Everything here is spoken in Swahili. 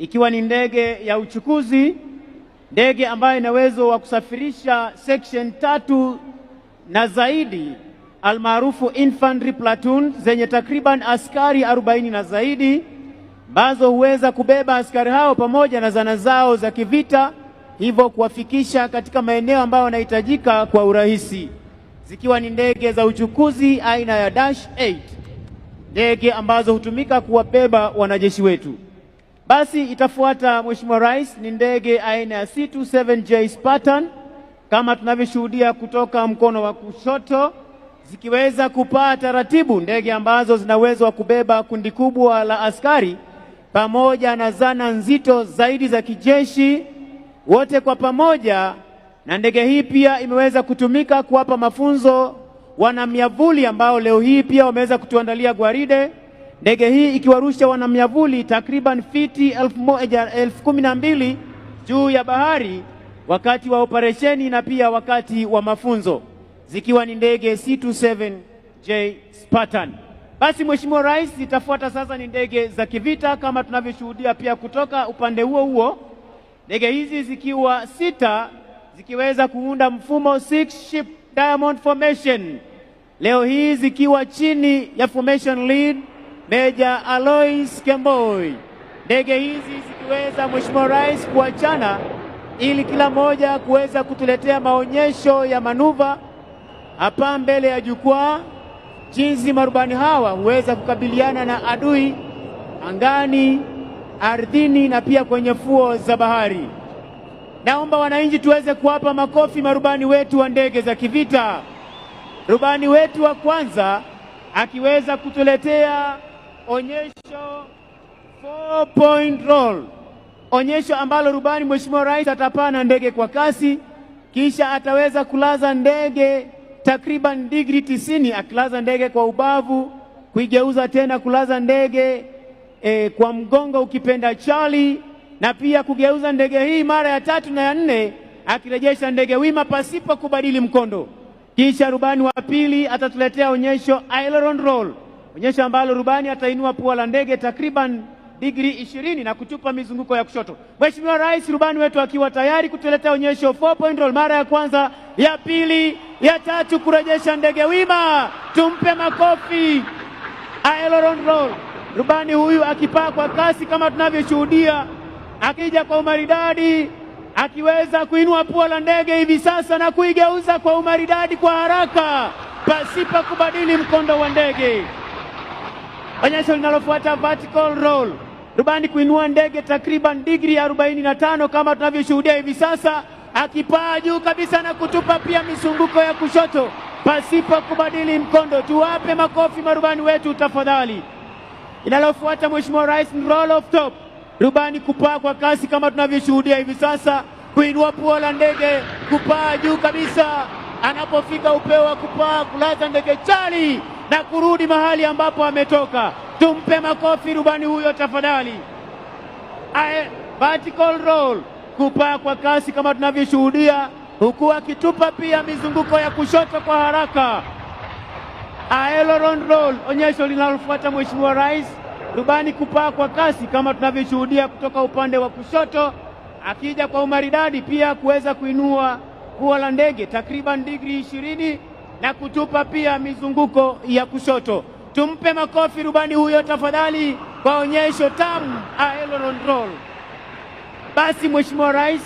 ikiwa ni ndege ya uchukuzi, ndege ambayo ina uwezo wa kusafirisha section tatu na zaidi almaarufu infantry platoon zenye takriban askari 40 na zaidi, ambazo huweza kubeba askari hao pamoja na zana zao za kivita, hivyo kuwafikisha katika maeneo ambayo wanahitajika kwa urahisi, zikiwa ni ndege za uchukuzi aina ya Dash 8, ndege ambazo hutumika kuwabeba wanajeshi wetu. Basi itafuata Mheshimiwa Rais ni ndege aina ya C27J Spartan kama tunavyoshuhudia kutoka mkono wa kushoto zikiweza kupaa taratibu, ndege ambazo zina uwezo wa kubeba kundi kubwa la askari pamoja na zana nzito zaidi za kijeshi wote kwa pamoja. Na ndege hii pia imeweza kutumika kuwapa mafunzo wana miavuli ambao leo hii pia wameweza kutuandalia gwaride Ndege hii ikiwarusha wanamyavuli takriban fiti elfu kumi na mbili juu ya bahari wakati wa operesheni na pia wakati wa mafunzo zikiwa ni ndege C27J Spartan. Basi Mheshimiwa Rais, zitafuata sasa ni ndege za kivita kama tunavyoshuhudia pia kutoka upande huo huo, ndege hizi zikiwa sita zikiweza kuunda mfumo six ship diamond formation, leo hii zikiwa chini ya formation lead Meja Alois Kemboi. Ndege hizi zikiweza, Mheshimiwa Rais, kuachana ili kila moja kuweza kutuletea maonyesho ya manuva hapa mbele ya jukwaa, jinsi marubani hawa huweza kukabiliana na adui angani, ardhini na pia kwenye fuo za bahari. Naomba wananchi tuweze kuwapa makofi marubani wetu wa ndege za kivita. Rubani wetu wa kwanza akiweza kutuletea onyesho four point roll, onyesho ambalo rubani Mheshimiwa Rais na ndege kwa kasi, kisha ataweza kulaza ndege takriban digri tisini, akilaza ndege kwa ubavu, kuigeuza tena kulaza ndege e, kwa mgongo ukipenda chali, na pia kugeuza ndege hii mara ya tatu na ya nne, akirejesha ndege wima pasipo kubadili mkondo. Kisha rubani wa pili atatuletea onyesho aileron roll onyesho ambalo rubani atainua pua la ndege takriban digrii ishirini na kutupa mizunguko ya kushoto. Mheshimiwa Rais, rubani wetu akiwa tayari kutuletea onyesho 4.0 mara ya kwanza, ya pili, ya tatu, kurejesha ndege wima. Tumpe makofi. Aileron roll. Rubani huyu akipaa kwa kasi kama tunavyoshuhudia, akija kwa umaridadi, akiweza kuinua pua la ndege hivi sasa na kuigeuza kwa umaridadi, kwa haraka, pasipa kubadili mkondo wa ndege. Onyesho linalofuata vertical roll, rubani kuinua ndege takriban digri ya 45 kama tunavyoshuhudia hivi sasa, akipaa juu kabisa na kutupa pia misunguko ya kushoto pasipo kubadili mkondo. Tuwape makofi marubani wetu tafadhali. inalofuata Mheshimiwa Rais ni roll of top, rubani kupaa kwa kasi kama tunavyoshuhudia hivi sasa, kuinua pua la ndege, kupaa juu kabisa, anapofika upeo wa kupaa kulaza ndege chali na kurudi mahali ambapo ametoka. Tumpe makofi rubani huyo tafadhali. Vertical roll, kupaa kwa kasi kama tunavyoshuhudia, huku akitupa pia mizunguko ya kushoto kwa haraka. Aileron roll, onyesho linalofuata Mheshimiwa Rais, rubani kupaa kwa kasi kama tunavyoshuhudia kutoka upande wa kushoto, akija kwa umaridadi pia kuweza kuinua kuwa la ndege takriban digrii ishirini na kutupa pia mizunguko ya kushoto. Tumpe makofi rubani huyo tafadhali, kwa onyesho tamu a roll. Basi Mheshimiwa Rais